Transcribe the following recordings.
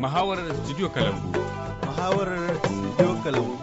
Muhawarar Studio Kalambu. Muhawarar Studio Kalambu.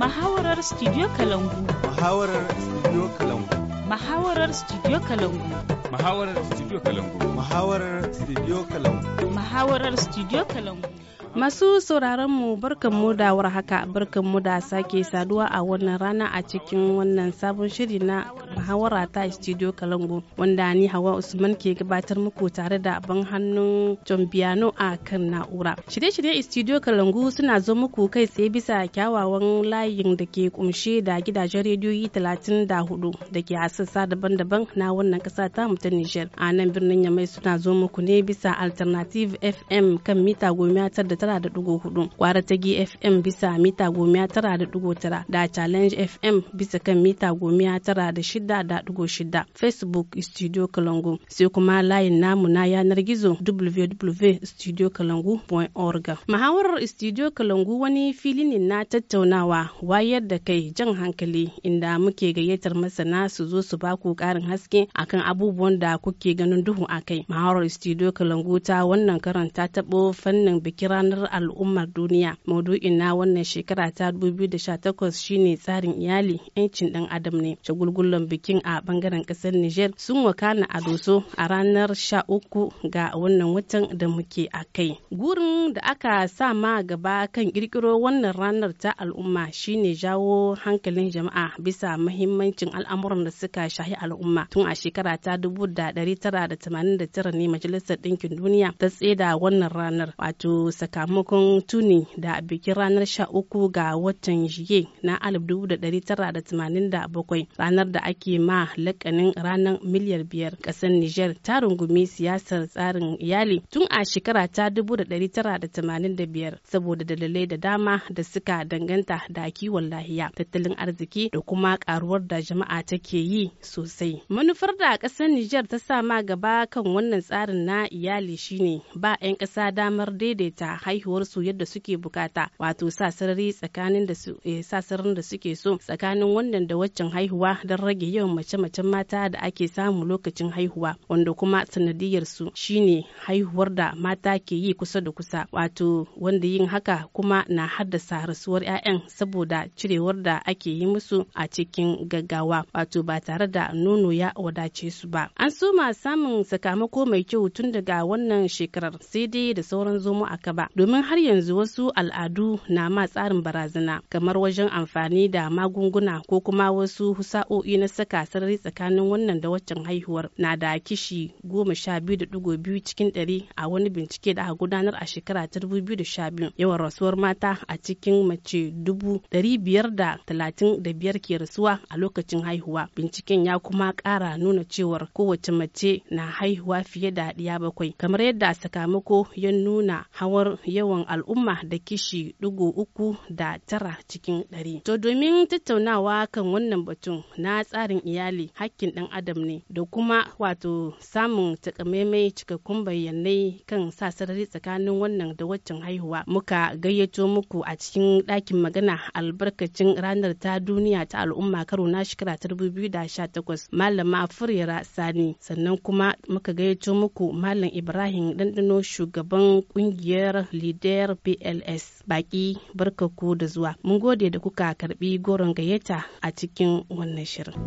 Muhawarar Studio Kalambu. Muhawarar Studio Kalambu. Muhawarar Studio Kalambu. Muhawarar Studio Kalambu. Muhawarar Studio Kalambu. Muhawarar Studio Kalambu. Masu sauraron mu barkanmu da warhaka barkanmu da sake saduwa a wannan rana a cikin wannan sabon shiri na muhawara ta studio kalango wanda ni hawa usman ke gabatar muku tare da ban hannun john biano a kan na'ura shirye-shirye studio kalangu suna zo muku kai tsaye bisa kyawawan layin da ke kumshe da gidajen rediyoyi talatin da hudu da ke a sassa daban-daban na wannan kasa ta mutum niger a nan birnin yamai suna zo muku ne bisa alternative fm kan mita goma tara da tara da dugo hudu kwara ta fm bisa mita goma tara da dugo tara da challenge fm bisa kan mita goma tara da shida shida facebook studio kalangu sai kuma layin namu na yanar gizo www.studiokalangu.org mahawarar studio kalangu wani fili ne na tattaunawa wayar da kai jan hankali inda muke gayyatar masana su zo su baku karin haske akan abubuwan da kuke ganin duhu a kai mahawarar studio kalangu ta wannan karanta ta taɓo fannin bikin ranar al'ummar duniya maudu'in na wannan shekara ta 2018 shine tsarin iyali 'yancin ɗan adam ne shagulgullan bikin a bangaren kasar niger sun wakana a doso a ranar 13 ga wannan watan da muke a kai. Gurin da aka sa ma gaba kan kirkiro wannan ranar ta al'umma shine jawo hankalin jama'a bisa mahimmancin al'amuran da suka shahi al'umma tun a shekara ta 1989 ne majalisar ɗinkin duniya ta tseda wannan ranar wato sakamakon tuni da bikin ranar 13 ga watan na 1987 ranar da ake ake ma lakanin ranar miliyar biyar ƙasar Nijar ta rungumi siyasar tsarin iyali tun a shekara ta da 1985 saboda dalilai da dama da suka danganta da kiwon lahiya, tattalin arziki da kuma karuwar da jama'a take yi sosai. Manufar da ƙasar Nijar ta sa ma gaba kan wannan tsarin na iyali shine ba 'yan ƙasa damar daidaita haihuwarsu yadda suke bukata wato sa sarari tsakanin da eh, da suke so tsakanin wannan da waccan haihuwa don rage yawan mace-macen mata da ake samu lokacin haihuwa wanda kuma sanadiyar su shine haihuwar da mata ke yi kusa da kusa wato wanda yin haka kuma na haddasa rasuwar 'ya'yan saboda cirewar da ake yi musu a cikin gaggawa wato ba tare da nono ya wadace su ba an soma samun sakamako mai kyau tun daga wannan shekarar sai dai da sauran zomo a kaba domin har yanzu wasu al'adu na ma tsarin barazana kamar wajen amfani da magunguna ko kuma wasu sa'o'i na saka sarari tsakanin wannan da waccan haihuwar na da kishi goma sha biyu da digo biyu cikin dari a wani bincike da aka gudanar a shekara ta dubu biyu da sha biyu yawan rasuwar mata a cikin mace dubu dari biyar da talatin da biyar ke rasuwa a lokacin haihuwa binciken ya kuma kara nuna cewar kowace mace na haihuwa fiye da ɗiya bakwai kamar yadda sakamako ya nuna hawar yawan al'umma da kishi digo uku da tara cikin ɗari to domin tattaunawa kan wannan batun na tsara tsarin iyali hakkin ɗan adam ne da kuma wato samun takamaimai cikakkun bayanai kan sa sarari tsakanin wannan da waccan haihuwa muka gayyato muku a cikin ɗakin magana albarkacin ranar ta duniya ta al'umma karo na shekara ta malama furyara sani sannan kuma muka gayyato muku malam ibrahim ɗanɗano shugaban ƙungiyar lider pls baki barkaku da zuwa mun gode da kuka karɓi goron gayyata a cikin wannan shirin.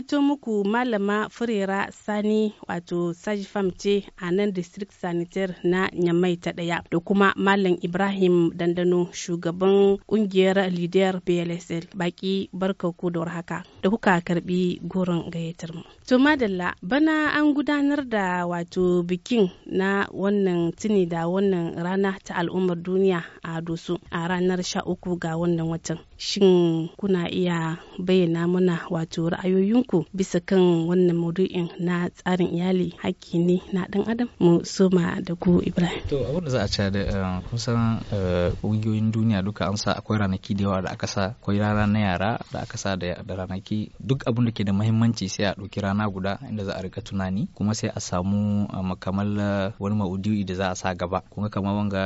gayyato muku malama furera sani wato sajifam ce a nan district sanitaire na nyamai ta daya da kuma malam ibrahim dandano shugaban kungiyar lider blsl baki barka ku da haka da kuka karbi goron gayyatar mu to madalla bana an gudanar da wato bikin na wannan tuni da wannan rana ta al'ummar duniya a dosu a ranar 13 ga wannan watan shin kuna iya bayyana mana wato ra'ayoyinku bisa kan wannan maudu'in na tsarin iyali hakki ne na dan adam mu soma da ku ibrahim to abin da za a ci da eh, san eh, ƙungiyoyin duniya duka an sa akwai ranaki da yawa da aka sa akwai rana na yara da aka sa da ranaki duk abin da ke da mahimmanci sai a ɗauki rana guda inda za a rika tunani kuma sai a samu eh, makamal wani maudu'i da za a sa gaba kuma kamar wanga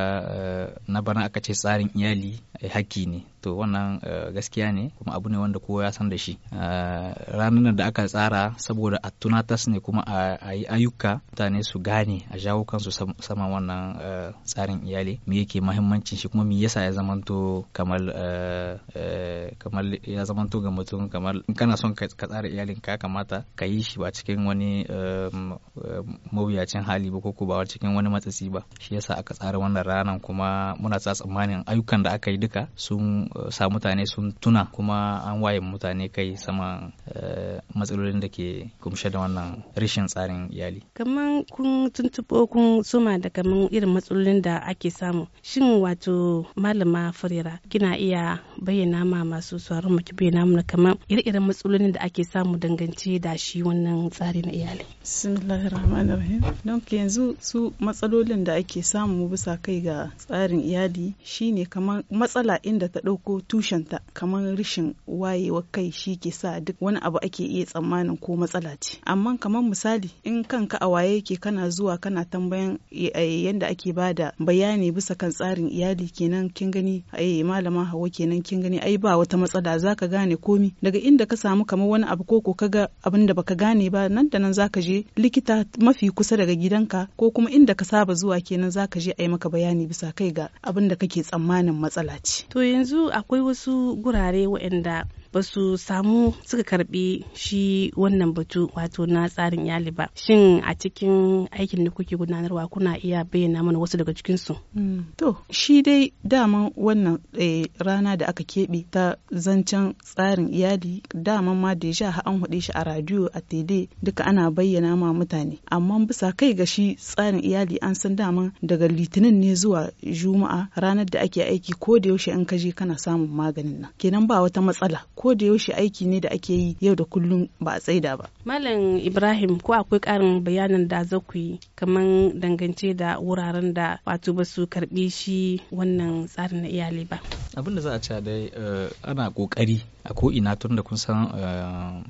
na bana aka ce tsarin iyali hakki ne to wannan eh, gaskiya ne kuma abu ne wanda kowa ya san da shi eh, ranar da aka tsara saboda a tunatas ne kuma a yi ayyuka mutane su gane a jawo kansu sama wannan eh, tsarin iyali me yake mahimmancin shi kuma me yasa ya zamanto kamar kamar ya zamanto ga mutum kamar in kana son ka tsara iyalin ka kamata ka yi shi ba cikin wani mawuyacin hali ba ko ba cikin wani matsatsi ba shi yasa aka tsara wannan ranar kuma muna tsammanin ayyukan da aka yi duka sun sa mutane sun tuna kuma an waye mutane kai sama eh, matsalolin da ke kumshe da wannan rashin tsarin iyali. Kaman kun tuntuɓo kun soma da kaman irin matsalolin da ake samu. Shin wato malama farira kina iya bayyana ma masu tsoron mu ki bayyana mana kaman ire-iren matsalolin da ake samu dangance da shi wannan tsari na iyali. Bismillahirrahmanirrahim. Don yanzu su matsalolin da ake samu bisa kai ga tsarin iyali shine kamar matsala inda ta ɗauka ko tushenta kamar rashin wayewa kai shi ke sa duk wani abu ake iya tsammanin ko matsala ce amma kamar misali in kanka a waye ke kana zuwa kana tambayan eh, eh, yadda ake da bayani bisa kan tsarin iyali kenan kin gani ai eh, malama hawa kenan kin gani ai ba wata matsala zaka gane komi daga inda ka samu kamar wani abu ko ko kaga abin da baka gane ba nan da nan zaka je likita mafi kusa daga gidanka ko kuma inda ka saba zuwa kenan zaka je ai maka bayani bisa kai ga abin da kake tsammanin matsala ce to yanzu akwai wasu gurare waɗanda ba su samu suka karbi shi wannan batu wato na tsarin iyali ba shin a cikin aikin da kuke gudanarwa kuna iya bayyana mana wasu daga cikin su hmm. to shi dai daman wannan eh, rana da aka keɓe ta zancen tsarin iyali daman ma da deja an haɗe shi a radio a tele duka ana bayyana ma mutane amma bisa kai ga shi tsarin iyali an san dama daga litinin ne zuwa juma'a ranar da ake aiki ko da yaushe in ka je kana samun maganin nan kenan ba wata matsala ko da yaushe aiki ne da ake yi yau da kullum ba a tsaida ba malam ibrahim ko akwai ƙarin bayanin da za ku yi kamar dangance da wuraren da wato ba su karbi shi wannan tsarin na iyali ba abinda za a ce dai eh, ana kokari a ko'ina tun da kun san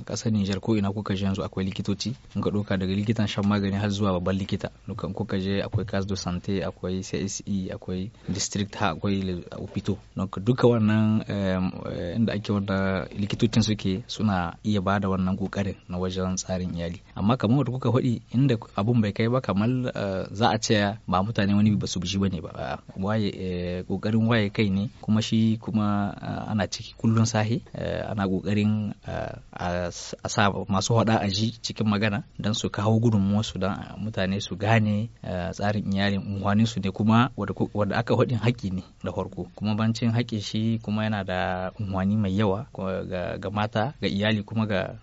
kasar eh, Nijar ko'ina kuka je yanzu akwai likitoci in ka doka daga likitan shan magani har zuwa babban likita dukan kuka je akwai cas de sante akwai CSE akwai district ha akwai opito duka wannan eh, inda ake wanda likitocin suke suna iya ba da wannan kokarin na wajen tsarin iyali amma kamar wanda kuka faɗi inda abun bai kai ba kamar za a ce ba mutane wani ba su bi shi bane ba waye kokarin waye kai ne kuma shi shi kuma ana ciki kullun a ana kokarin a sa masu hada a ji cikin magana don su kawo gudunmuwarsu don mutane su gane tsarin iyalin unguwanin su ne kuma wadda aka haɗin haƙƙi ne da farko kuma bancin haƙƙi shi kuma yana da unguwani mai yawa ga mata ga iyali kuma ga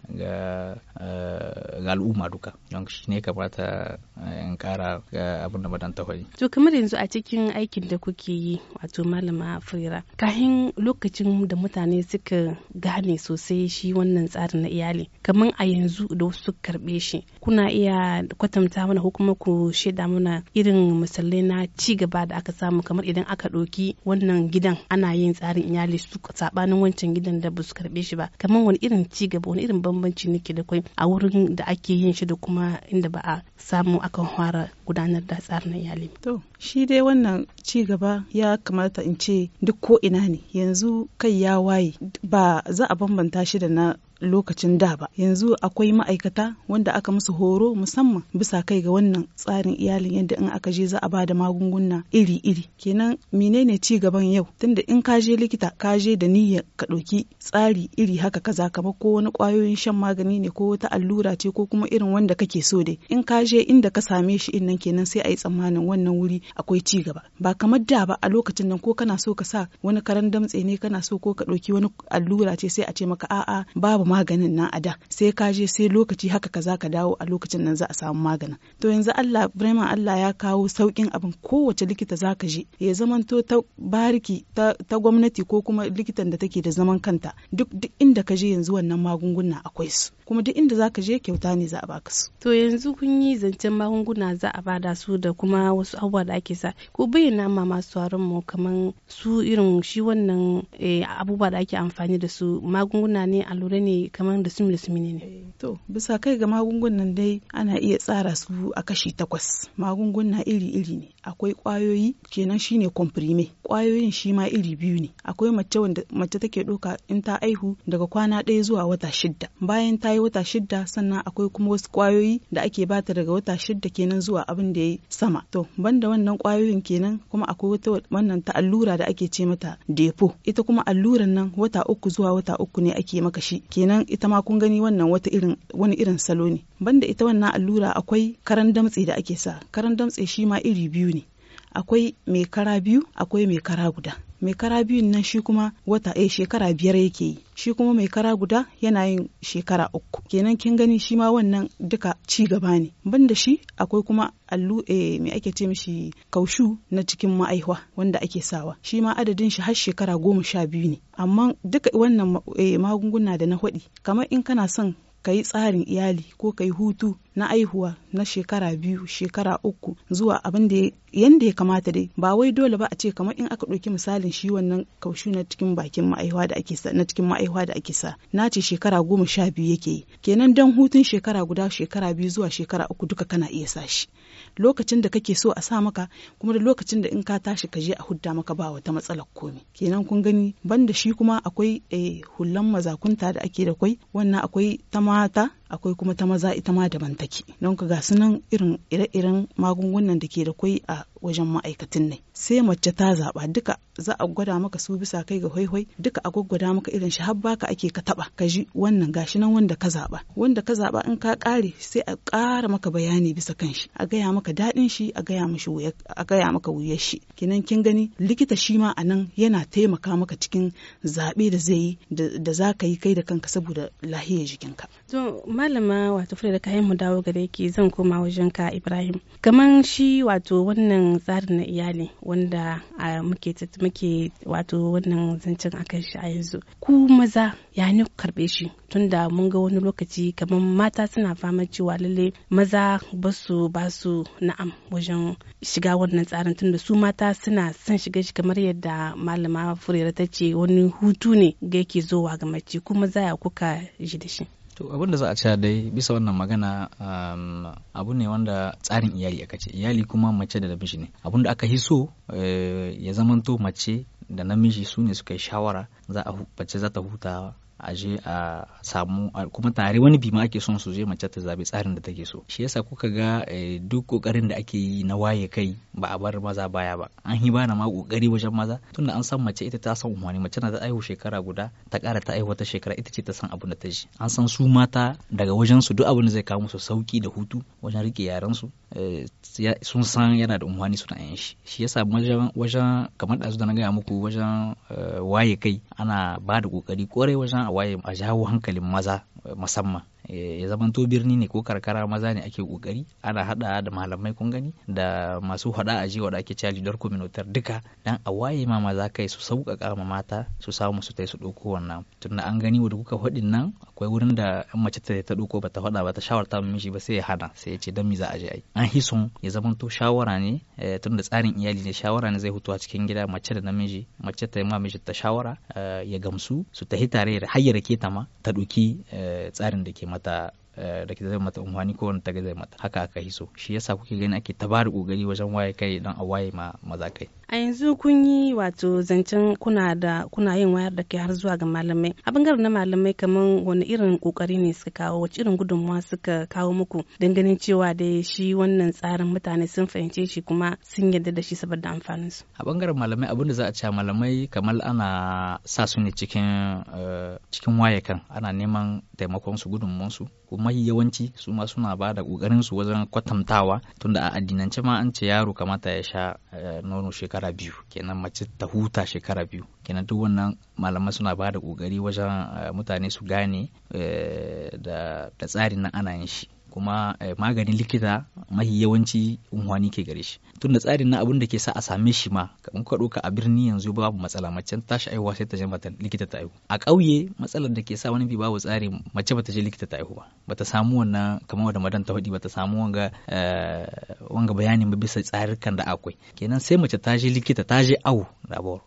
al'umma duka don shi ne kamata in kara abin da madan ta To kamar yanzu a cikin aikin da kuke yi wato malama firira. tsakanin lokacin da mutane suka gane sosai shi wannan tsarin na iyali kamar a yanzu da wasu suka karbe shi kuna iya kwatanta mana kuma ku shaida mana irin misalai na ci gaba da aka samu kamar idan aka ɗauki wannan gidan ana yin tsarin iyali su sabanin wancan gidan da ba su karbe shi ba kamar wani irin ci gaba wani irin bambanci nake da kwai a wurin da ake yin shi da kuma inda ba a samu akan fara gudanar da tsarin iyali to shi dai wannan ci gaba ya kamata in ce duk ko kaina yanzu kai ya waye ba za a bambanta shi da na lokacin da ba yanzu akwai ma'aikata wanda aka musu horo musamman bisa kai ga wannan tsarin iyalin yadda in aka je za a bada magunguna iri-iri kenan menene ci gaban yau tunda in ka je likita ka je da niyya ka ɗauki tsari iri haka kaza kamar ko wani ƙwayoyin shan magani ne ko wata allura ce ko kuma irin wanda kake so dai in ka je inda ka same shi in kenan sai a yi tsammanin wannan wuri akwai ci gaba ba kamar da ba a lokacin nan ko kana so ka sa wani karan damtse ne kana so ko ka ɗauki wani allura ce sai a ce maka a'a babu maganin nan a da sai ka je sai lokaci haka ka za ka dawo a lokacin nan za a samu maganin to yanzu Allah Ibrahim Allah ya kawo saukin abin kowace likita za ka je ya zamanto ta bariki ta, gwamnati ko kuma likitan da take da zaman kanta duk inda ka je yanzu wannan magunguna akwai su kuma duk inda za ka je kyauta ne za a baka su to yanzu kun yi zancen magunguna za a bada su da kuma wasu abubuwa da ake sa ko bayyana ma masu tsaron mu kamar su irin shi wannan eh, abubuwa da ake amfani da su magunguna ne allurai ne kamar da sumle sumine ne eh, to bisa kai ga magungunan dai ana iya tsara su a kashi takwas magunguna iri-iri ne akwai kwayoyi kenan shine komprime kwayoyin shi ma iri biyu ne akwai mace wanda mace take doka in ta aihu daga kwana ɗaya zuwa wata shidda bayan ta yi wata shidda sannan akwai kuma wasu kwayoyi da ake bata daga wata shidda kenan zuwa abin da ya sama to banda wannan kwayoyin kenan kuma akwai wata wannan ta allura da ake ce mata depo ita kuma alluran nan wata uku zuwa wata uku ne ake maka shi kenan ita ma kun gani wannan wata irin wani irin salo ne banda ita wannan allura akwai karan damtse da ake sa karan damtse shi ma iri biyu ne akwai mai kara biyu akwai mai kara guda mai kara biyun nan shi kuma wata eh shekara biyar yake yi shi kuma mai kara guda yana yin shekara uku kenan kin gani shi ma wannan duka ci gaba ne banda shi akwai kuma allu eh me ake ce mishi kaushu na cikin ma'aihwa wanda ake sawa shi ma adadin shi har shekara goma sha biyu ne amma duka wannan eh, magunguna da na hwaɗi kamar in kana son ka yi tsarin iyali ko ka yi hutu na aihuwa na shekara biyu shekara uku zuwa abin da yanda ya kamata dai ba wai dole ba a ce kamar in aka ɗauki misalin shi wannan kaushu na cikin bakin ma'aihuwa da ake sa na cikin ma'aihuwa da ake sa na ce shekara goma sha biyu yake yi kenan dan hutun shekara guda shekara biyu zuwa shekara uku duka kana iya sa shi lokacin da kake so a sa maka kuma da lokacin da in ka tashi ka je a hudda maka ba wata matsalar komi kenan kun gani banda shi kuma akwai eh, hullan mazakunta da ake da kwai wannan akwai ta mata akwai kuma ta maza ita ma daban take don ka ga sunan irin ire-iren magungunan da ke da kwai a wajen ma'aikatan ne sai mace ta zaba duka za a gwada maka su bisa kai ga hwaihwai duka a gwaggwada maka irin shi har baka ake ka taba ka ji wannan gashi nan wanda ka zaba wanda ka zaba in ka kare sai a ƙara maka bayani bisa kan shi a gaya maka daɗin shi a gaya mishi a gaya maka wuyar shi kinan kin gani likita shi ma a nan yana taimaka maka cikin zaɓe da zai da za ka yi kai da kanka saboda lahiyar jikinka. to malama wato fure da kayan mu dawo gare ki zan koma wajen ka ibrahim kaman shi wato wannan tsarin na iyali wanda muke muke wato wannan zancen akan shi a yanzu ku maza ya ne ku karbe shi tunda mun ga wani lokaci kamar mata suna fama cewa lalle maza ba su ba su na'am wajen shiga wannan tsarin tunda su mata suna son shiga shi kamar yadda malama furera ta ce wani hutu ne ga yake zowa ga mace ku maza ya kuka ji da shi to abin da za a cewa dai bisa wannan magana um, abu ne wanda tsarin iyali aka ce iyali kuma mace da namiji ne abin da aka yi so eh, ya zamanto mace da namiji su ne suka yi shawara za a mace za ta huta a je a samu kuma tare wani bi ma ake son su je mace ta zabe tsarin da take so shi yasa kuka ga eh, duk kokarin da ake yi na waye kai ba a bar maza baya ba an hi bana ma kokari wajen maza tunda an san mace ita ta san umarni mace na ta aihu shekara guda ta kara ta aihu wata shekara ita ce ta san abu da ta ji an san su mata daga wajen su duk abin da zai kawo musu sauki da hutu wajen rike yaran su Eh, sun san yana da unhwani suna yin shi shi yasa wajen kamar da da na gaya muku wajen eh, waye kai ana ba da kokari kwarai wajen a waye a jawo hankalin maza eh, musamman Eh, ya zamanto birni ne ko karkara maza ne ake kokari ana hada da malamai kun gani da masu hada aji wanda ake cewa leader communautaire duka dan a waye ma maza kai su sauƙaƙa ma mata su samu su tai su ɗauko wannan tunda an gani wanda kuka faɗin nan akwai wurin da mace ta ta ɗauko ba ta faɗa ba ta shawarta mishi ba sai ya hana sai ya ce dan mi za a je ai an hison ya zamanto shawara ne eh, tunda tsarin iyali ne shawara ne zai hutuwa cikin gida mace da namiji mace ta ma miji ta shawara eh, ya gamsu su tahi tare har ya rake ta ma ta dauki tsarin da ke mata mata eh, da ke zai mata umhani ko wani ta zai mata haka aka yi so shi yasa kuke gani ake ta kokari wajen waye kai don a waye ma maza kai a yanzu kun yi wato zancen kuna da kuna yin wayar da kai har zuwa ga malamai a bangaren na malamai kamar wani irin kokari ne suka kawo wace irin gudunmuwa suka kawo muku ganin cewa da shi wannan tsarin mutane sun fahimce shi kuma sun yarda da shi saboda amfanin su a bangaren malamai abin da za a ce malamai kamar ana sa su ne cikin eh, cikin wayakan ana neman taimakon su gudunmuwan su kuma yawanci su ma suna ba da kokarin su wajen kwatantawa tunda a addinance ma an ce yaro kamata ya sha eh, nono shekara shekara biyu kenan mace ta huta shekara biyu kenan duk wannan malamai suna ba da ƙoƙari wajen eh, mutane su gane eh, da tsarin nan ana yin shi kuma eh, maganin likita mahi yawanci unhwani ke gare shi tunda tsarin na abin da ke sa a same shi ma kamar ka ɗauka a birni yanzu babu matsala mace ta shi aihuwa sai ta je mata likita ta aihu a ƙauye matsalar da ke sa wani bi babu tsari mace bata je likita ta aihu ba bata samu wannan kamar wanda madan ta hudi bata samu wanga eh, wanga bayanin ba bisa tsarikan da akwai kenan sai mace ta je likita ta je awu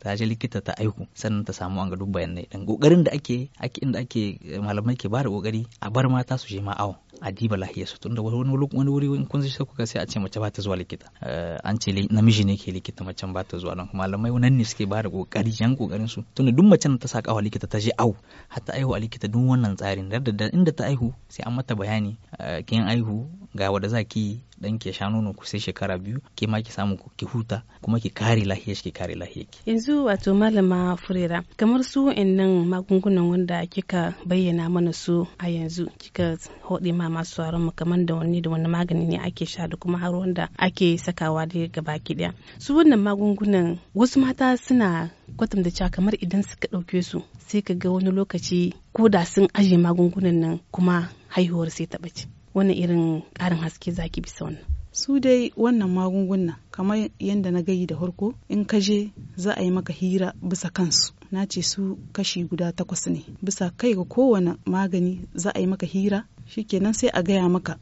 ta je likita ta aihu sannan ta samu wanga duk bayanai dan kokarin da ake ake inda ake eh, malamai ke ba da kokari a bar mata su je ma awo a diba ya su wani wani wuri in kun zai kuka sai a ce mace ba zuwa likita eh, an ce namiji ne ke likita macen ba ta zuwa don malamai nan ne suke bada kokari yan kokarin su tunda duk macen ta saka wa likita ta je au hatta aihu a likita duk wannan tsarin da inda ta aihu sai an mata bayani eh, kin aihu ga wanda za ki dan ke sha nono ku sai shekara biyu ke ma ki samu ki huta kuma ki kare lahiyar ki kare lahiyar ki yanzu wato malama furera kamar su nan magungunan wanda kika bayyana mana su a yanzu kika hode ma masu mu kamar da wani da wani magani ne ake sha da kuma har wanda ake sakawa da baki daya su wannan magungunan wasu mata suna kwatanta cewa kamar idan suka ɗauke su sai ka ga wani lokaci ko da sun aje magungunan nan kuma haihuwar sai ta ɓace wannan irin ƙarin haske zaki bisa wannan su dai wannan magunguna kamar yadda na gayi da harko in ka je za a yi maka hira bisa kansu na ce su kashi guda takwas ne bisa kai ga kowane magani za a yi maka hira shikenan sai a gaya maka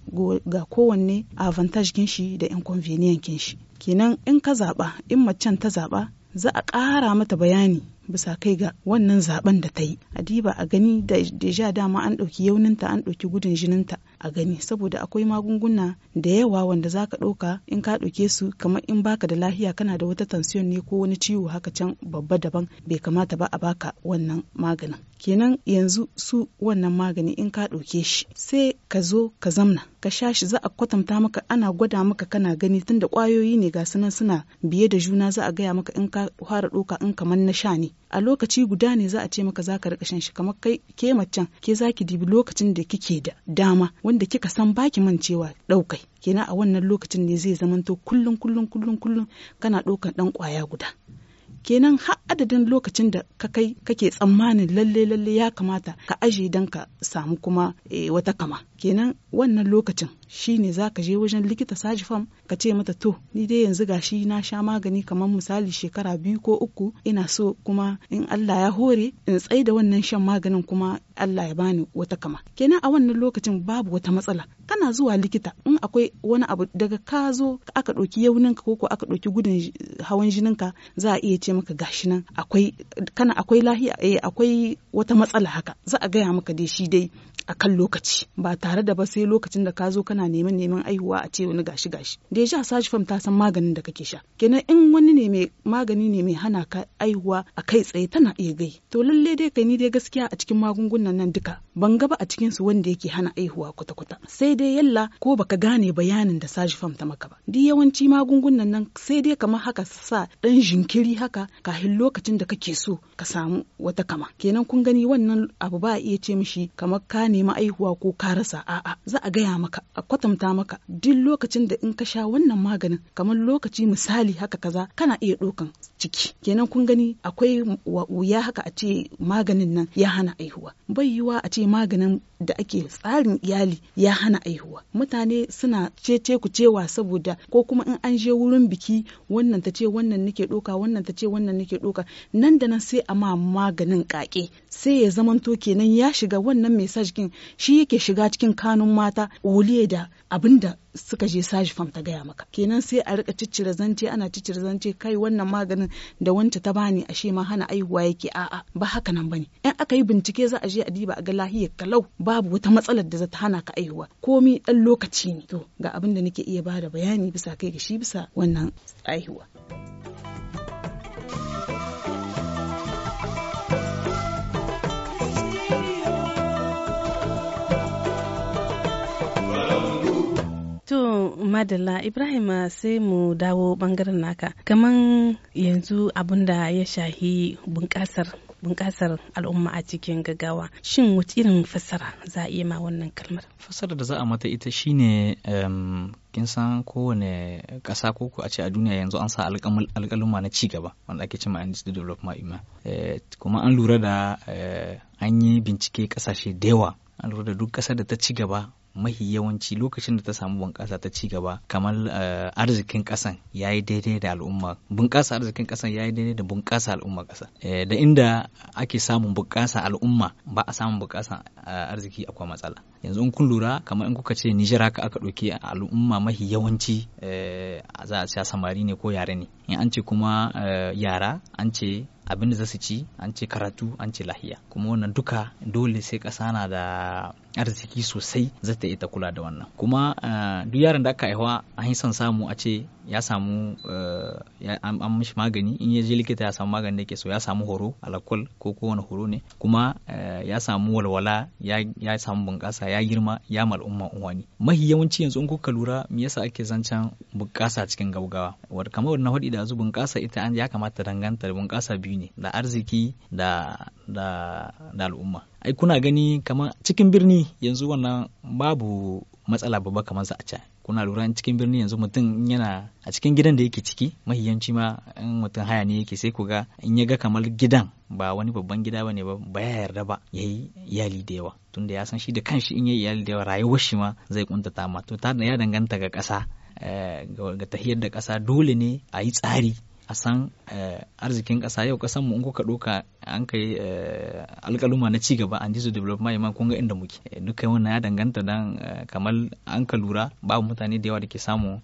ga kowanne avantage kin shi da inconvenient kin shi kenan in ka zaba in macen ta zaba za a ƙara mata bayani bisa kai ga wannan zaben da ta yi diba a gani da deja dama an ɗauki yauninta an ɗauki gudun jininta a gani saboda akwai magunguna da yawa wanda za ka ɗauka in ka ɗauke su kamar in baka da lahiya kana da wata tansiyon ne ko wani ciwo haka can babba daban bai kamata ba a baka wannan maganin kenan yanzu su wannan magani in ka ɗauke shi sai ka zo ka zamna ka sha shi za a kwatanta maka ana gwada maka kana gani tunda kwayoyi ne ga sunan suna biye da juna za a gaya maka in ka fara ɗauka in kamar na sha ne a lokaci guda ne za a ce maka za ka rika shan shi kamar kai ke macen ke za ki dibi lokacin da kike da dama wanda kika san baki man cewa ɗaukai kenan a wannan lokacin ne zai zamanto kullum kullum kullum kullum kana ɗaukan ɗan ƙwaya guda kenan har adadin lokacin da ka kai kake tsammanin lalle lalle ya kamata ka aje don ka samu kuma e, wata kama kenan wannan lokacin shi ne za ka je wajen likita saji fam ka ce mata to ni dai yanzu gashi na sha magani kamar misali shekara biyu ko uku ina so kuma in Allah ya hore in tsai da wannan shan maganin kuma Allah ya bani wata kama kenan a wannan lokacin babu wata matsala kana zuwa likita in akwai wani abu daga ka zo aka ɗauki yauninka ko ko aka ɗauki gudun hawan jininka za a iya ce maka gashi nan akwai kana akwai lahiya eh akwai wata matsala haka za a gaya maka dai shi dai a kan lokaci ba tare da ba sai lokacin da ka zo kana neman neman aihuwa a ce wani gashi gashi sashi fam ta san maganin da kake sha kenan in wani ne mai magani ne mai hana ka aihuwa a kai tsaye tana iya gai to lalle dai kai ni dai gaskiya a cikin magungunan nan duka ban ga ba a cikin su wanda yake hana aihuwa kwata kwata sai dai yalla ko baka gane bayanin da sashi fam ta maka ba duk yawanci magungunan nan sai dai kamar haka sa dan jinkiri haka ka kahin lokacin da kake so ka samu wata kama kenan kun gani wannan abu ba a iya ce mishi kamar ka nemi aihuwa ko ka rasa a'a za a gaya maka a kwatanta maka duk lokacin da in ka sha wannan maganin kamar lokaci misali haka kaza kana iya ɗaukan ciki kenan kun gani akwai wuya haka a ce maganin nan ya hana aihuwa bai yiwa a ce maganin da ake tsarin iyali ya hana aihuwa mutane suna cece ku cewa saboda ko kuma in an je wurin biki wannan ta ce wannan nake doka wannan ta ce wannan nake doka nan da nan sai a ma maganin kake sai ya zaman zamanto kenan ya shiga wannan message kin shi yake shiga cikin kanun mata oliye da abinda suka je saji fam ta gaya maka kenan sai a rika ciccire zance ana ciccire zance kai wannan maganin da wanta ta bani ashe ma hana aihuwa yake a'a ba haka nan bane in aka yi bincike za a je a diba a ga lahiyar kalau ba babu wata matsalar da za ta hana ka aihuwa komi dan lokaci ne to ga abin da nake iya bada bayani bisa kai ga shi bisa wannan aihuwa To Madalla ibrahim sai mu dawo bangaren naka. Kaman yanzu abin da ya shahi bunƙasar bunƙasar al'umma a cikin gaggawa shin wata irin fassara za a iya ma wannan kalmar fassara da za a mata ita shine kin san kowane ƙasa ko ko a ce a duniya yanzu an sa alƙaluma na ci gaba wanda ake cewa industry development ima eh, kuma an lura da eh, an yi bincike ƙasashe da yawa an lura da duk ƙasar da ta ci gaba mahi yawanci lokacin da ta samu bunƙasa ta ci gaba kamar eh, arzikin ƙasan ya yi daidai da al'umma bunƙasa arzikin ƙasan ya yi daidai da bunƙasa al'umma ƙasa eh, da inda ake samun bunƙasa al'umma ba a samun bunƙasa eh, arziki akwai matsala yanzu in kun lura kamar in kuka ce Nijar haka aka ɗauki al'umma mahi yawanci za a samari ne ko yare ne in an ce kuma yara an ce abin da za su ci an ce karatu an ce lahiya kuma wannan duka dole sai ƙasa na da arziki sosai zai ta ita kula da wannan kuma eh, duk yaron da aka haihuwa an yi son samu a ce ya samu eh, an mishi magani in ya je likita ya samu magani da ke so ya samu horo alakwal ko kowane horo ne kuma eh, ya samu walwala ya samu bunƙasa ya girma ya mal'umma uwani mahi yawanci yanzu in kuka lura me yasa ake zancen bunƙasa cikin gaugawa wadda kamar na hudi da bunƙasa ita an ya kamata danganta bunƙasa biyu ne da arziki da da al'umma ai kuna gani kamar cikin birni yanzu wannan babu matsala babba kamar sa a can kuna lura cikin birni yanzu mutum yana a cikin gidan da yake ciki mahiyanci ma in mutum haya ne yake sai ku ga in ya ga kamar gidan ba wani babban gida ba ne ba ya yarda ba ya yi iyali da yawa tunda ya san shi da kanshi in ya yi iyali da yawa rayuwar shi ma zai kuntata ma to ta ya danganta ga ƙasa eh, ga tahiyar da ƙasa dole ne a yi tsari a san eh, arzikin ƙasa yau ƙasan mu in kuka ɗoka an kai eh, alƙaluma na ci gaba and development ma kun ga inda muke eh, dukkan wannan ya danganta dan kamar an ka lura babu mutane da yawa da ke samu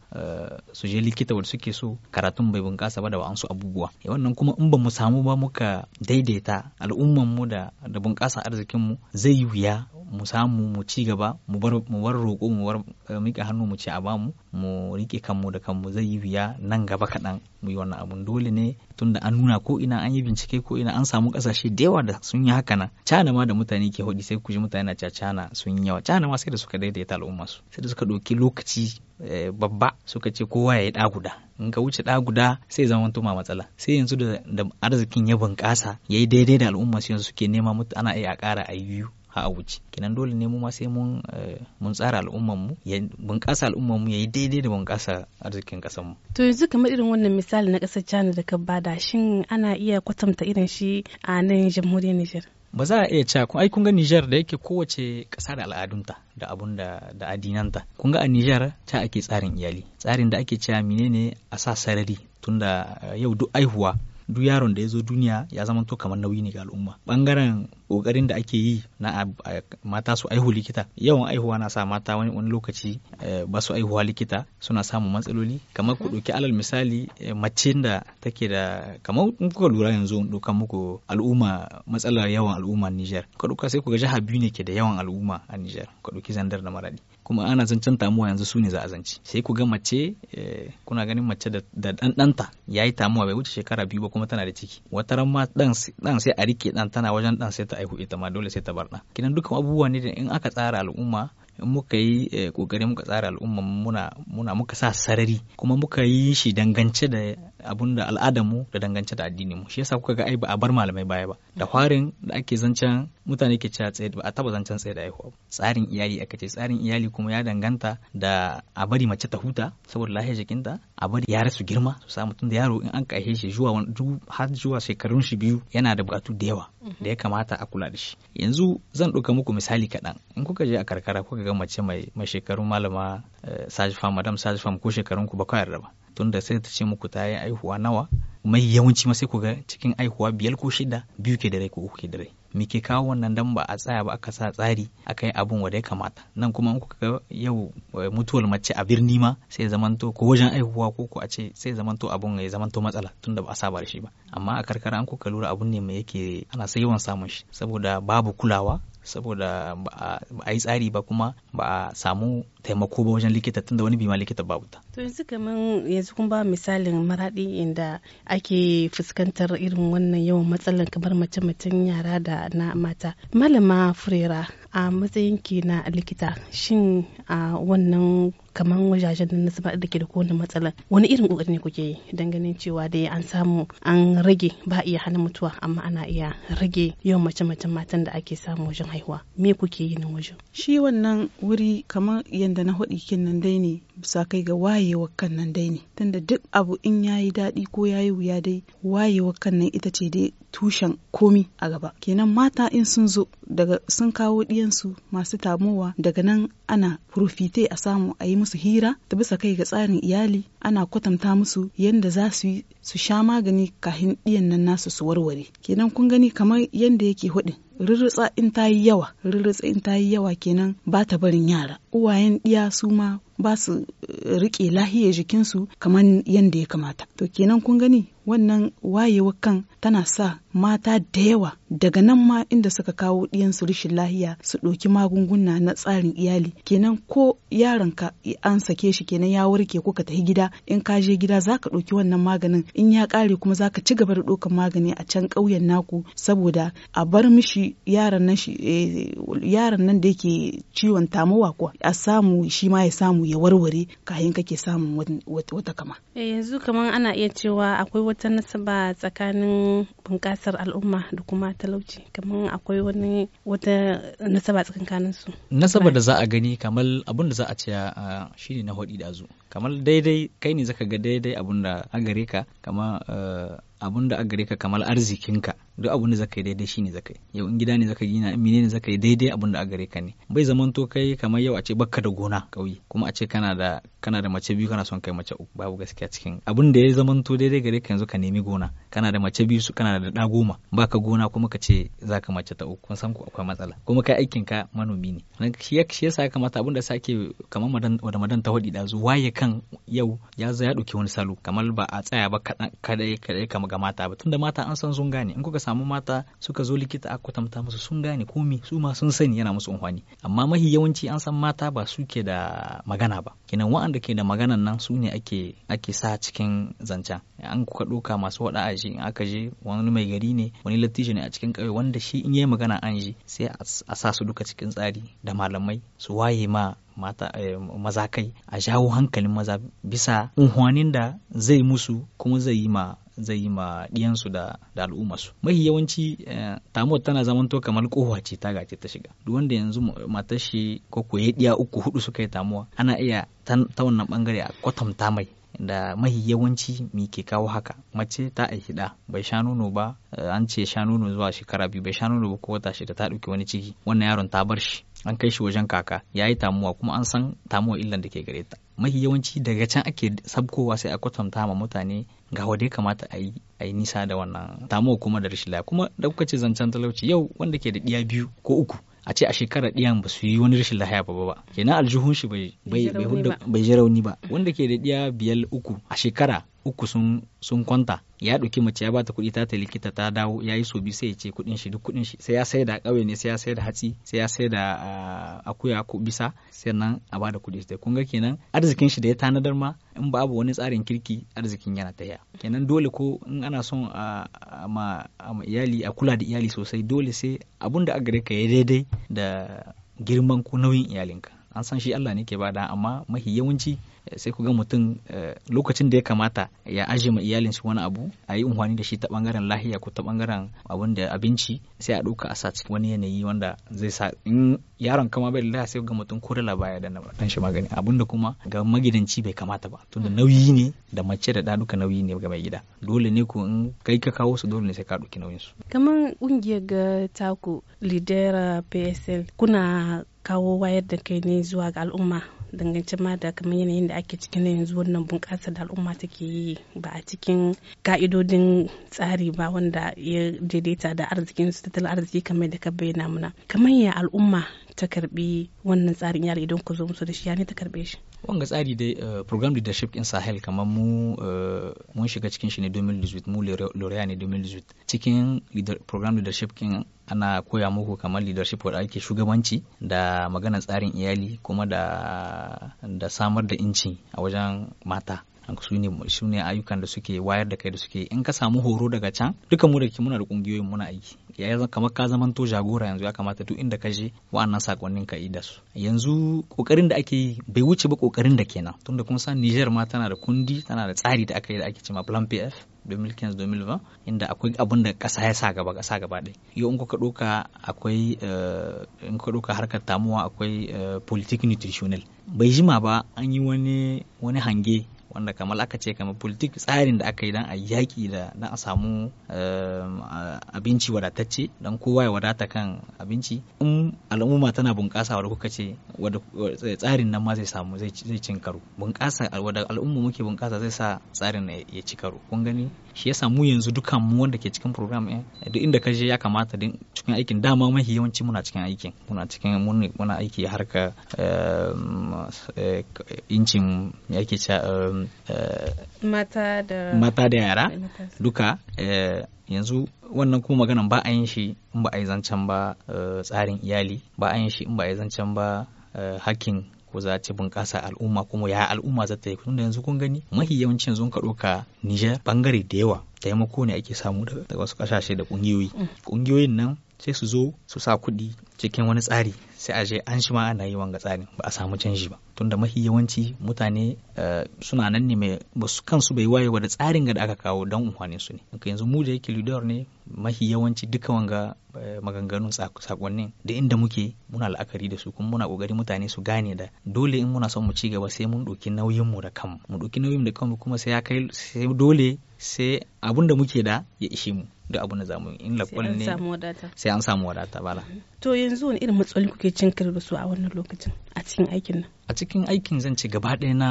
su je likita wanda suke so karatun bai bunƙasa ba da wa'ansu abubuwa wannan kuma in ba mu samu ba muka daidaita al'umman mu da bunƙasa arzikin mu zai yi wuya mu samu mu ci gaba mu bar roƙo mu bar eh, miƙa hannu mu ci a bamu mu riƙe kanmu da kanmu zai yi wuya nan gaba kaɗan mu yi wannan abun dole ne tunda an nuna ko ina an yi bincike ko ina an samu ƙasashe da yawa da sun yi haka nan cana ma da mutane ke hudi sai ku ji mutane na cana sun yi yawa cana ma sai da suka daidaita al'umma su sai da suka ɗauki lokaci eh, babba suka ce kowa ya yi ɗa guda in ka wuce ɗa guda sai zama tuma matsala sai yanzu da arzikin ya bunƙasa ya yi daidai da al'umma su yanzu suke nema mutu ana iya ƙara a a wuce kenan dole ne mu ma sai mun eh, mun tsara al'ummar mu ya bunƙasa al'ummar mu ya yi daidai da bunƙasa arzikin ƙasar mu to yanzu kamar irin wannan misali na ƙasar China da ka bada shin ana iya kwatanta irin shi a nan jamhuriyar Niger ba za a iya cewa kun ai kun ga Niger da yake kowace ƙasa da al'adunta da abun da da adinanta kun ga a Niger ta ake tsarin iyali tsarin da ake cewa menene a sa sarari tunda yau duk aihuwa duk yaron da ya zo duniya ya zama to kamar nauyi ne ga al'umma bangaren kokarin da ake yi na mata su aihu likita yawan aihuwa na sa mata wani wani lokaci eh, ba su aihuwa likita suna samun matsaloli kamar ku ɗauki alal misali eh, mace da take da kamar kuka lura yanzu ɗaukan muku al'umma matsalar yawan al'umma Nijar ka ɗauka sai ku ga jiha biyu ne ke da yawan al'umma a Nijar ka ɗauki zandar da maradi kuma ana zancen tamuwa yanzu su ne za a zanci sai ku ga mace eh, kuna ganin mace da dan danta yi tamuwa bai wuce shekara biyu ba kuma tana da ciki wata ran ma dan sai a rike dan tana wajen dan sai ta aihu ita ma dole sai ta bar dan kinan dukkan abubuwa ne da in aka tsara al'umma in muka yi kokari eh, muka tsara al'umma muna muna muka sa sarari kuma muka yi shi dangance da abun da mu da dangance da mu shi yasa kuka ga ai ba a bar malamai baya ba da farin da ake zancen mutane ke cewa tsaye ba a taba zancen tsaye da haihuwa tsarin iyali aka ce tsarin iyali kuma ya danganta da a bari mace ta huta saboda lahiyar jikinta a bari yara su girma su samu tun da yaro in an kashe shi zuwa har zuwa shekarun shi biyu yana da bukatu da yawa mhm. da ya kamata a kula da shi yanzu zan ɗauka muku misali kaɗan in kuka je a karkara kuka ga mace mai mai shekarun malama eh, Sajifa madam Sajifa ko shekarun ku ba ka yarda ba tun da sai ta ce muku ta yi aihuwa nawa mai yawanci ma sai ku ga cikin aihuwa biyar ko shida biyu ke da rai ko uku ke da rai me ke kawo wannan dan ba a tsaya ba aka sa tsari aka yi abin da ya kamata nan kuma in kuka yau eh, mutuwar mace a birni ma sai zamanto ko wajen aihuwa ko ko a ce sai zamanto abun ya zamanto matsala tun da ba a saba da shi ba amma a karkara an kuka lura abun ne mai yake ana sai yawan samun shi saboda babu kulawa saboda ba a yi tsari ba kuma ba a samu taimako ba wajen likita tunda wani bima likita babu ta. To yanzu kaman yanzu kun ba misalin maraɗi inda ake fuskantar irin wannan yawan matsalar kamar mace mutum yara da na mata. Malama Furera a matsayin ki na likita shin a wannan kamar wajajen nan na da ke da kowane matsala wani irin kokari ne kuke yi don ganin cewa dai an samu an rage ba iya hana mutuwa amma ana iya rage yawan mace-macen matan da ake samu wajen haihuwa me kuke yi nan wajen shi wannan wuri kamar yadda na haɗi kin nan dai ne bisa kai ga wayewar kan nan dai ne tunda duk abu in yayi daɗi ko yayi wuya dai wayewar kan nan ita ce dai tushen komi a gaba kenan mata in sun zo daga sun kawo ɗiyansu masu tamowa daga nan ana profite a samu a yi musu hira ta bisa kai ga tsarin iyali ana kwatanta musu yadda za su yi su sha magani kahin ɗiyan nan nasu su warware kenan kun gani kamar yadda yake hudin rirritsa in ta yi yawa rirritsa in ta yi yawa kenan ba ta barin yara uwayen ɗiya su ma ba su eh, riƙe lahiyar jikinsu kamar yadda ya kamata to kenan kun gani wannan wayewar kan tana sa mata da yawa daga nan ma inda suka kawo ɗiyansu rashin lahiya su ɗauki magunguna na tsarin iyali kenan ko yaronka an sake shi kenan ya warke ko ka tafi gida in ka je gida za ka ɗauki wannan maganin in ya ƙare kuma za ka ci gaba da ɗaukan magani a can ƙauyen naku saboda a bar mishi yaron nan eh, yaron nan da yake ciwon tamowa ko a samu shi ma ya samu ya warware kayan kake samun wata kama. Eh, yanzu kamar ana iya cewa akwai wata nasaba tsakanin bunƙasa bunƙasar al'umma da kuma talauci kamar akwai wani wata nasaba tsakankanin su nasaba da za a gani kamar abun da za a ce shine na hodi da zu kamar daidai kai ne zaka ga daidai abun da a gare ka kamar eh, abun da a gare ka kamar arzikinka duk abin da zaka yi daidai shine zaka yi yau in gida ne zaka gina in menene zaka yi daidai abin da a gare ka ne bai zaman to kai kamar yau a ce bakka da gona kauye kuma a ce kana da kana da mace biyu kana son kai mace uku babu gaskiya cikin abin da ya zaman to daidai gare ka yanzu ka nemi gona kana da mace biyu su kana da da goma baka gona kuma ka ce zaka mace ta uku kun san ku akwai matsala kuma kai aikin ka manomi ne shi yasa ya kamata abin da sake kamar madan madan ta da zu waye kan yau ya zo ya wani salo kamar ba a tsaya ba kadai kadai kamar ga mata ba tunda mata an san sun gane in kuka samu mata suka zo likita aka kwatanta musu sun gane komi su ma sun sani yana musu unhwani amma mahi yawanci an san mata ba su ke da magana ba kenan waɗanda ke da maganan nan su ne ake ake sa cikin zancen an kuka ɗoka masu waɗa a shi in aka je wani mai gari ne wani lattijo ne a cikin ƙauye wanda shi in yayi magana an ji sai a sa su duka cikin tsari da malamai su waye ma mata eh, maza kai a jawo hankalin maza bisa unhuwanin da zai musu kuma zai yi ma zai yi ma ɗiyansu da, da al'ummarsu mahi yawanci eh, tamuwar tana to kamar kowa ce ta gace ta shiga duk wanda yanzu matashi ko koye ɗiya uku hudu suka yi tamuwa ana iya ta wannan bangare a kwatanta mai da mahi yawanci mi ke kawo haka mace ta aiki da bai sha nono ba eh, an ce sha nono zuwa shekara biyu bai sha nono ba ko wata shida ta ɗauki wani ciki wannan yaron ta bar shi an kai shi wajen kaka ya yi tamuwa kuma an san tamuwa illan da ke gare ta mahi yawanci daga can ake sabkowa sai a kwatanta ma mutane ga wanda ya kamata a yi a yi nisa da wannan tamuwa kuma da rashin lafiya kuma da kuka ce zancen talauci yau wanda ke da ɗiya biyu ko uku a ce a shekara ɗiyan ba su yi wani rashin lahiya ba ba kenan aljihun shi bai bai bai ji rauni ba wanda ke da ɗiya biyar uku a shekara uku sun sun kwanta ya ɗauki mace ya bata kuɗi ta ta likita ta dawo ya yi so sai ya ce kuɗin shi duk kuɗin shi sai ya sai da ƙauye ne sai ya sai da hatsi sai ya sai da ah, akuya ko bisa sannan a bada kuɗi sai kun ga kenan arzikin shi da ya tanadar ma in babu wani tsarin kirki arzikin yana tahiya kenan dole ko in ana son a ma iyali a kula da iyali sosai dole sai abun da aka gare ka ya daidai da girman ko nauyin iyalinka an san shi Allah ne ke bada amma mahi yawanci eh, sai ku ga mutum eh, lokacin da ya kamata ya aje ma iyalin wani abu a yi unhwani da shi ta bangaren lahiya ko ta bangaren abun da abinci sai a ɗauka a sa cikin wani yanayi wanda zai sa in yaron kama bai lahiya sai ga mutum ko da baya da dan shi magani abun da kuma ga magidanci bai kamata ba tunda nauyi ne da mace da duka nauyi ne ga mai gida dole ne ko in kai ka kawo su dole ne sai ka ɗauki nauyin su kamar ƙungiyar ga taku lidera psl kuna kawo wayar da kai ne zuwa ga al'umma dangance ma da kamar yanayin da ake cikin yanzu wannan bunƙasa da al'umma take yi ba a cikin ka'idodin tsari ba wanda ya daidaita da arzikin su tattalin arziki kamar da ka bayyana muna kamar ya al'umma ta karbi wannan tsarin yara idan ku zo musu da shi ya ne ta karbe shi wanga tsari dai eh, program leadership in sahel kamar mu eh, mun shiga cikin shi ne 2018 mu laureya ne 2018 cikin program leadership kin ana koya muku kamar leadership wadda ake shugabanci da magana tsarin iyali kuma da samar da inci a wajen mata su ne ayyukan da suke wayar da kai da suke in ka samu horo daga can duka mu da ke muna da kungiyoyin muna aiki ya kamar ka zaman to jagora yanzu ya kamata duk inda ka je wa'annan sakonnin ka da su yanzu kokarin da ake yi bai wuce ba kokarin da kenan tunda kun san Niger ma tana da kundi tana da tsari da aka yi da ake cewa Plan PF 2015-2020 inda akwai abin da kasa ya sa gaba kasa gaba ɗaya yau in kuka ɗauka akwai eh, in kuka ɗauka harkar tamuwa akwai eh, politik nutritional bai jima ba an yi wani wani hange wanda kamar aka ce kamar politik tsarin da aka yi don a yaƙi da don a samu ehm, abinci wadatacce don kowa ya wadata kan abinci in al'umma tana bunƙasa wadda kuka ce eh, tsarin nan ma zai samu zai cin karo bunƙasa wadda al'umma muke bunƙasa zai sa tsarin ya ci karo kun gani shi yasa mu yanzu dukkan mu wanda ke cikin program ɗin eh, duk inda ka je ya kamata din cikin aikin dama mahi yawanci muna cikin aikin muna cikin muna aiki harka incin ya ke Eh, mata da yara duka eh, yanzu wannan kuma maganan ba a yin shi in ba a yi zancen ba eh, tsarin iyali ba a yin shi in ba a yi zancen ba hakkin ko za ta bunƙasa al'umma kuma ya al'umma za ta yi tunda yanzu kun gani mahi yawancin yanzu ka ɗauka Nijar bangare da yawa taimako ne ake samu daga wasu ƙasashe da ƙungiyoyi mm. ƙungiyoyin nan sai su zo su sa kuɗi cikin wani tsari sai a je an shi ma ana yi wanga tsari ba a samu canji ba tunda mafi yawanci mutane eh, suna nan ne mai su kansu bai wayewa da tsarin ga da aka kawo don umfanin su ne yanzu mu da yake leader ne mafi yawanci duka wanga eh, maganganun sakonnin da inda muke muna la'akari da su kuma muna kokari mutane su gane da dole in muna son mu ci gaba sai mun ɗauki nauyin mu da kanmu mu ɗauki nauyin da kanmu kuma sai ya kai sai dole sai abun da muke da ya ishe mu duk abu na zamu in lakul ne sai an samu wadata bala mm-hmm. to yanzu wani irin matsaloli kuke cin karo da su a wannan lokacin a cikin aikin nan a cikin aikin zan ce gaba ɗaya na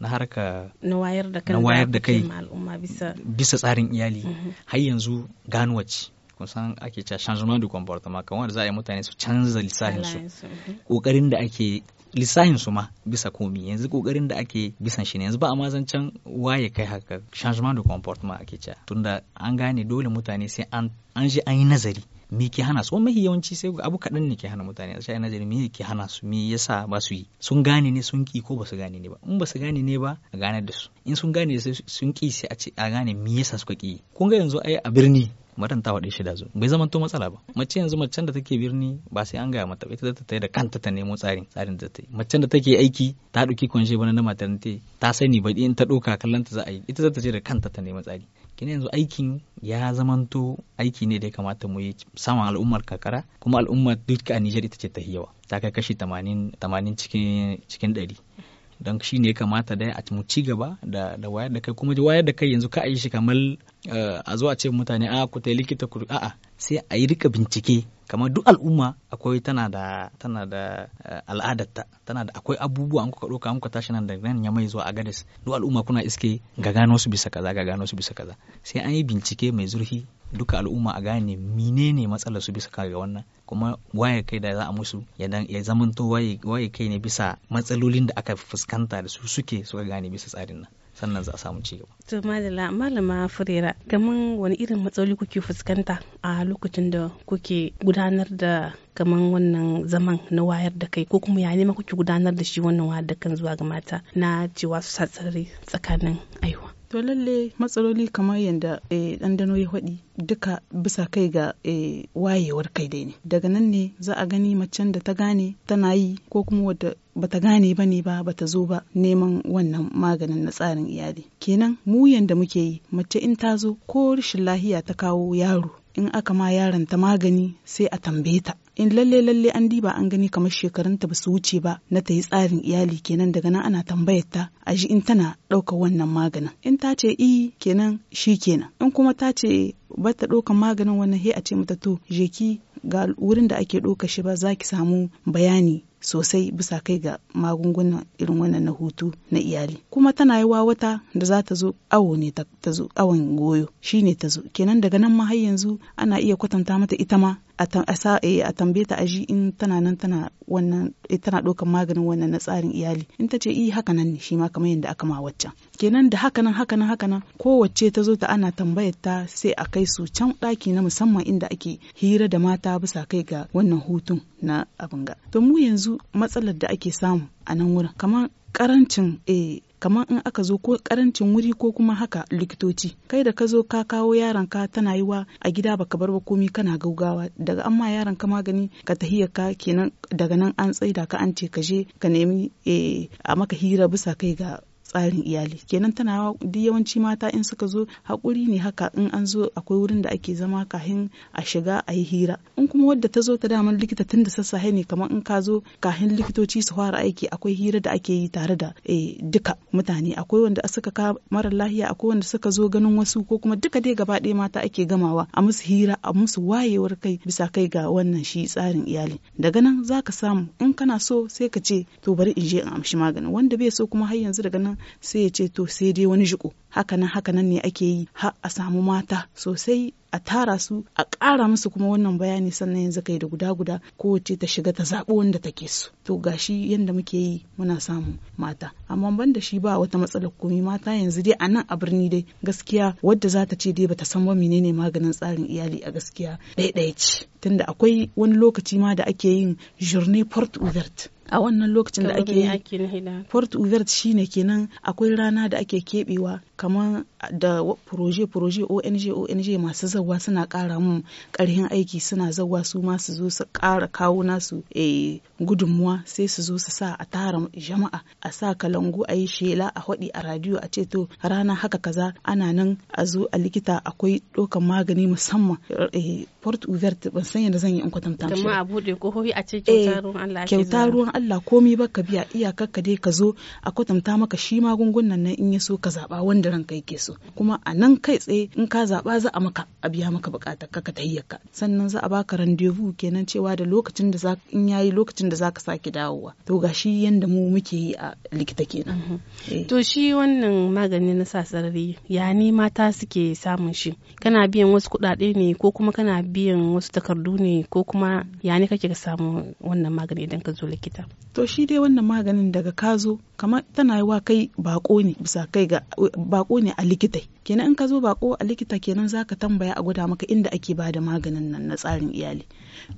na harka na wayar da kai na wayar da kai al'umma bisa bisa tsarin iyali mm-hmm. har yanzu ganuwaci kusan ake cewa changement du comportement kamar da za a yi mutane su canza lissafin su kokarin mm-hmm. da ake lissahin su ma bisa komi yanzu kokarin da ake bisan shi ne yanzu ba a mazancan waye kai haka changement de comportement ake cewa tunda an gane dole mutane sai an an je an yi nazari me ke hana su mafi yawanci sai abu kaɗan ne ke hana mutane sai nazari me ke hana su me yasa ba su yi sun gane ne sun ki ko ba su gane ne ba in ba su gane ne ba a gane da su in sun gane sun ki sai a ce a gane me yasa suka ki kun ga yanzu ai a birni maranta waɗe shida zo bai zama to matsala ba mace yanzu macen da take birni ba sai an gaya mata ba ita ta tayar da kanta ta nemo tsarin tsarin da ta yi macen da take aiki ta ɗauki kwanshe bana na maternity ta sani ba in ta ɗauka kallon ta za a yi ita ta ce da kanta ta nemo tsari kina yanzu aikin ya zamanto aiki ne da ya kamata mu yi saman al'ummar kakara kuma al'ummar duka a Nijar ita ce ta yawa ta kai kashi 80 cikin cikin 100 don shi ne kamata da a mu ci gaba da wayar da kai kuma wayar da kai yanzu ka yi shi kamar eh, a zo a ce mutane a ah, ku ta likita ku a'a sai a yi rika bincike kamar duk al'umma akwai tana da tana da eh, al'adarta tana da akwai abubuwa an kuka ɗauka an kuka tashi nan daga nan ya mai zuwa gadis duk al'umma kuna iske ga gano su bisa kaza ga gano su bisa kaza sai an yi bincike mai zurfi duka al'umma a gane menene matsalar su bisa kaga wannan kuma waye kai da za a musu ya zamanto waye kai ne bisa matsalolin da aka fuskanta da su suke suka gane bisa tsarin nan sannan za a samu ci gaba. To malama Malama Furera kaman wani irin matsaloli kuke fuskanta a lokacin da kuke gudanar da kaman wannan zaman na wayar da kai ko kuma ya nema kuke gudanar da shi wannan wayar da kan zuwa ga mata na cewa su sa tsakanin aiwa. to lalle matsaloli kamar yadda eh, ɗandano ya faɗi duka bisa kai ga eh, wayewar kai dai ne daga nan ne za a gani macen da ta gane tana yi ko kuma wadda bata gane ba ne ba bata zo ba neman wannan maganin na tsarin iyali kenan mu yadda muke yi mace in ta zo ko rashin lahiya ta kawo yaro in aka ma yaron ta magani sai a tambaye ta in lalle lalle an diba an gani kamar shekarunta ba su wuce ba na ta yi tsarin iyali kenan daga nan ana tambayar ta a ji in tana ɗaukar wannan maganin in ta ce i e, kenan shi kenan in kuma ta ce ba ta ɗaukar maganin wannan he a ce mata to je ki ga wurin da ake ɗauka shi ba za ki samu bayani sosai bisa kai ga magungunan irin wannan na hutu na iyali kuma tana yi wata da za ta zo awo ne ta zo awon goyo shine ta zo kenan daga nan ma har yanzu ana iya kwatanta mata ita ma Eh, a tambaye ta aji in tana nan tana wannan eh, tana ɗaukan maganin wannan na tsarin iyali in ta ce i eh, haka nan ne shi ma kamar yadda aka ma waccan kenan da haka nan haka nan haka nan kowace ta zo ta ana tambayar ta sai a kai su can ɗaki na musamman inda ake hira da mata bisa kai ga wannan hutun na abin ga to mu yanzu matsalar da ake samu a nan wurin kamar karancin eh kamar in aka zo ko karancin wuri ko kuma haka likitoci kai da ka zo ka kawo yaron ka tana yiwa a gida baka bar ba komi kana gaugawa daga amma ma yaron ka magani ka tahiya ka kenan daga nan an tsaida ka an ce ka je ka nemi eh, a maka hira bisa kai ga tsarin iyali kenan tana duk yawanci mata in suka zo haƙuri ne haka in an zo akwai wurin da ake zama kahin a shiga a yi hira in kuma wadda ta zo ta damar likita tun da sassahe ne kamar in ka zo kahin likitoci su fara aiki akwai hira da ake yi tare da eh, duka mutane akwai wanda suka ka mara lahiya akwai wanda suka zo ganin wasu ko kuma duka dai gaba ɗaya mata ake gamawa a musu hira a musu wayewar kai bisa kai ga wannan shi tsarin iyali daga nan za ka samu in kana so sai ka ce to bari in je in amshi magani wanda bai so kuma har yanzu daga nan sai ya ce to sai dai wani jiko hakanan hakanan ne ake yi har a samu mata sosai a tara su a ƙara musu kuma wannan bayani sannan yanzu kai da guda guda kowace ta shiga ta zaɓo wanda take so to gashi yadda muke yi muna samu mata amma ban da shi ba wata matsalar komi mata yanzu dai a nan a birni dai gaskiya wadda za ta ce dai bata san ba menene maganin tsarin iyali a gaskiya ɗaya ce tunda akwai wani lokaci ma da ake yin journée porte ouverte a wannan lokacin da ake yi port ouvert shine kenan akwai rana da ake kebewa kamar da proje-proje ong-ong masu zawa suna kara mun karhin aiki suna zawa su ma su zo su kara kawo nasu eh, gudunmuwa sai su zo su sa a tara jama'a a sa kalangu a yi shela a hodi a radio a ce to rana haka kaza ana nan a zo a likita akwai dokan magani musamman eh, port uvert ban san yadda zan yi in kwatanta shi amma a bude kohohi a ce kyauta eh, ruwan Allah ruwan Allah komai ba ka biya iyakar ka dai ka zo a kwatanta maka shi magungunan nan in ya so ka zaba wanda da kai ke so kuma a nan kai tsaye in ka zaɓa za a maka a biya maka buƙata ka tayyaka sannan za a baka randevu kenan cewa da lokacin da za in yayi lokacin da zaka sake dawowa to gashi yanda mu muke yi a likita kenan mhm. eh. to shi wannan magani na sa sarari ya ni mata suke samun shi kana biyan wasu kuɗaɗe ne ko kuma kana biyan wasu takardu ne ko kuma ya ni kake samu wannan magani idan ka zo likita to shi dai wannan maganin daga ka zo kamar tana yi wa kai bako ne bisa kai ga ba bako ne a likitai kenan in ka zo bako a likita kenan za ka tambaya a gwada maka inda ake ba da maganin nan na tsarin iyali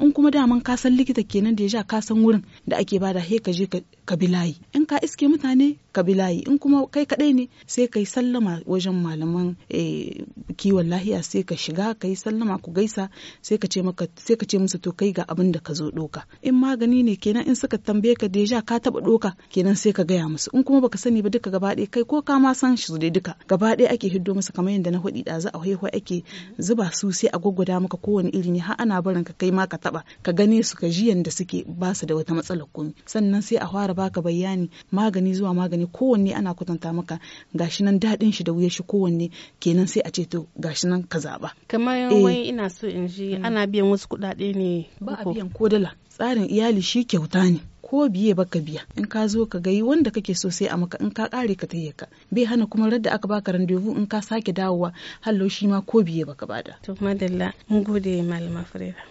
in kuma daman ka san likita kenan da ya ka san wurin da ake ba da he ka je ka bi layi in ka iske mutane ka bi layi in kuma kai kadai ne sai ka sallama wajen malaman eh, kiwon lahiya sai ka shiga ka yi sallama ku gaisa sai ka ce maka sai ka ce musu to kai ga abin da ka zo doka in magani ne kenan in suka tambaye ka deja ka taba doka kenan sai ka gaya musu in kuma baka sani ba duka gaba kai ko ka ma san shi duka gaba ɗaya ake hiddo hiddo masa kamar yadda na hudi za a haihuwa ake zuba su sai a gwaggwada maka kowane iri ne har ana barin ka kai ma ka taba ka gane su ka ji yanda suke ba su da wata matsalar komi sannan sai a fara baka bayani magani zuwa magani kowanne ana kwatanta maka gashi nan daɗin shi da wuyar shi kowanne kenan sai a ce to gashi nan ka zaba kamar eh. wai ina so in ji ana biyan wasu kuɗaɗe ne ba a biyan ko dala tsarin iyali shi kyauta ne ko biye baka biya in ka zo ka gayi wanda kake so sai a maka in ka kare ka tayi ka bai hana kuma radda aka baka randevu in ka sake dawowa hallo shi ma ko biye baka bada to madalla mun gode malama Furera.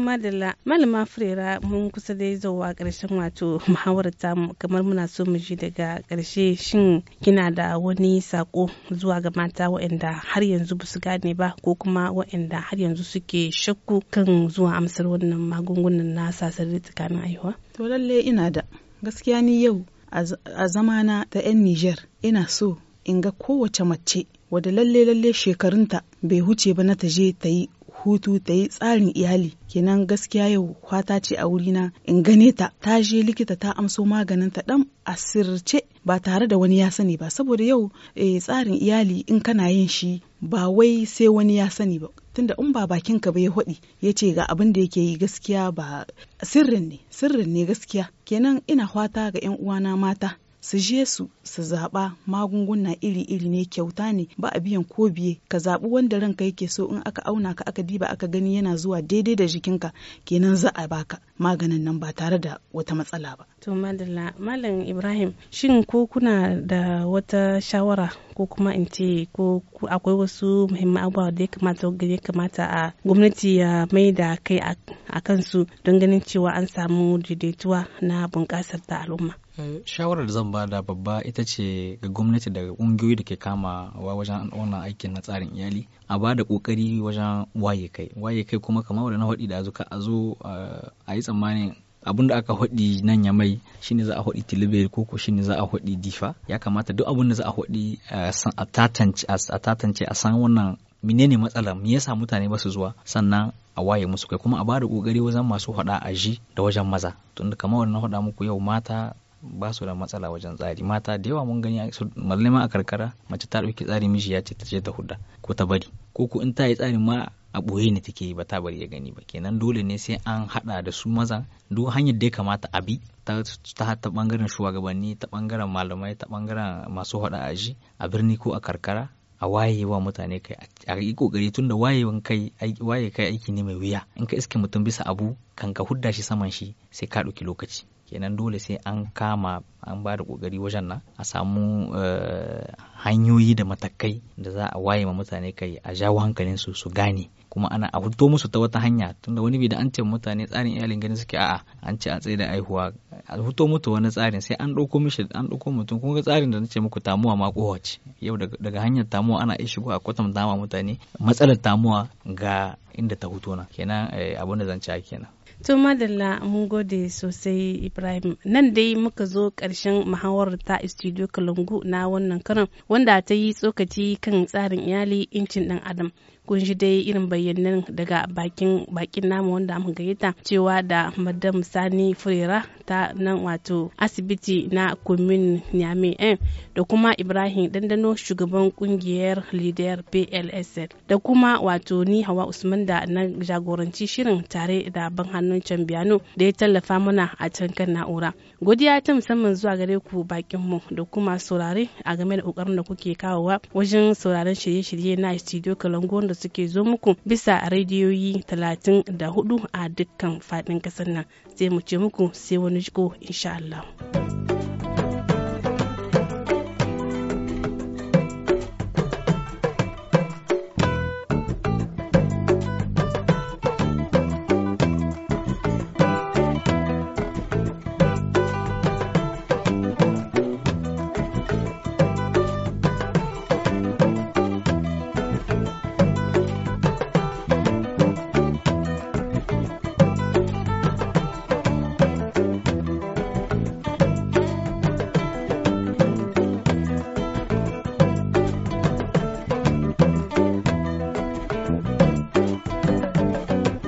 madalla malama firera mun kusa dai zuwa ƙarshen wato muhawarar ta kamar muna so mu ji daga ƙarshe shin kina da wani sako zuwa ga mata waɗanda har yanzu ba su gane ba ko kuma waɗanda har yanzu suke shakku kan zuwa amsar wannan magungunan na da tsakanin aihuwa. To lallai ina da gaskiya ni yau a zamana ta 'yan Nijar ina so in ga kowace mace wadda lalle lalle shekarunta bai huce ba na ta je ta yi hutu ta yi tsarin iyali kenan gaskiya yau kwata ce a wurina in gane ta ta je likita ta amso maganin ta dan sirce ba tare da wani ya sani ba saboda yau eh, tsarin iyali in kana yin shi ba wai sai wani ya sani ba tunda in ba bakin ka ba ya hodi ya ce ga abin da yake yi gaskiya ba sirrin ne sirrin ne gaskiya kenan ina kwata ga 'yan uwana mata su je su su zaɓa magunguna iri-iri ne kyauta ne ba a biyan ko biye ka zaɓi wanda ranka yake so in aka auna ka aka diba aka gani yana zuwa daidai da jikinka kenan za a baka maganin nan ba tare da wata matsala ba. To madalla malam Ibrahim shin ko kuna da wata shawara ko kuma in ce ko akwai wasu muhimman abubuwa da ya kamata ya kamata a gwamnati ya mai da kai a kansu don ganin cewa an samu daidaituwa na bunƙasar da al'umma. Eh, shawarar da zan bada babba ita ce ga gwamnati da ƙungiyoyi da ke kama wa wajen wannan aikin na tsarin iyali a ba da ƙoƙari wajen waye kai waye kai kuma kamar da na da azuka a zo eh, a yi tsammanin abun da aka haɗi nan ya mai shine za a haɗi tilibe ko ko shine za a haɗi difa ya kamata duk abun da za a haɗi a tatance a san wannan menene matsala me yasa mutane ba su zuwa sannan a waye musu kai kuma a ba da ƙoƙari wajen masu haɗa a ji da wajen maza tunda kamar wannan haɗa muku yau mata ba su da matsala wajen tsari mata da yawa mun gani mallama a karkara mace ta ɗauki tsari mishi ya ce ta je ta huda ko ta bari ko ko in ta yi tsarin ma a ɓoye ne take yi ba ta bari ya gani ba kenan dole ne sai an haɗa da su maza duk hanyar da ya kamata a bi ta ta bangaren shugabanni ta bangaren malamai ta bangaren masu haɗa aji a birni ko a karkara a wayewa mutane kai a yi kokari tunda wayewan kai waye kai aiki ne mai wuya in ka iske mutum bisa abu kan ka hudda shi saman shi sai ka ɗauki lokaci kenan dole sai an kama an ba da kokari wajen nan a samu eh, hanyoyi da matakai da za a waye ma mutane kai a jawo hankalin su su gane kuma ana a hutu musu ta wata hanya tunda wani bi da an ce mutane tsarin iyalin ganin suke a'a an ce a tsaye da aihuwa a hutu mutu wani tsarin sai an ɗauko mishi an ɗauko mutum kuma tsarin da nace muku tamuwa ma kowace yau daga hanyar tamuwa ana iya shigo a kwatanta mutane matsalar tamuwa ga inda ta hutu na kenan eh, abin da zan ci kenan To madalla mun gode sosai Ibrahim. Nan dai muka zo ƙarshen muhawarar ta Studio Kalungu na wannan karan wanda ta yi tsokaci kan tsarin iyali incin ɗan Adam. kun ji dai irin bayyanan daga bakin bakin namu wanda mun gayyata cewa da madam sani furera ta nan wato asibiti na komin nyame m eh, da kuma ibrahim dandano shugaban kungiyar leader plsl da kuma wato ni hawa usman da na jagoranci shirin tare da ban hannun can biyano da ya tallafa mana a can kan na'ura godiya ta musamman zuwa gare ku bakin mu da kuma saurare a game da kokarin da kuke kawowa wajen sauraron shirye-shirye na studio kalangon da suke zo muku bisa rediyoyi 34 a dukkan faɗin ƙasar nan sai mu ce muku sai wani jiko insha Allah.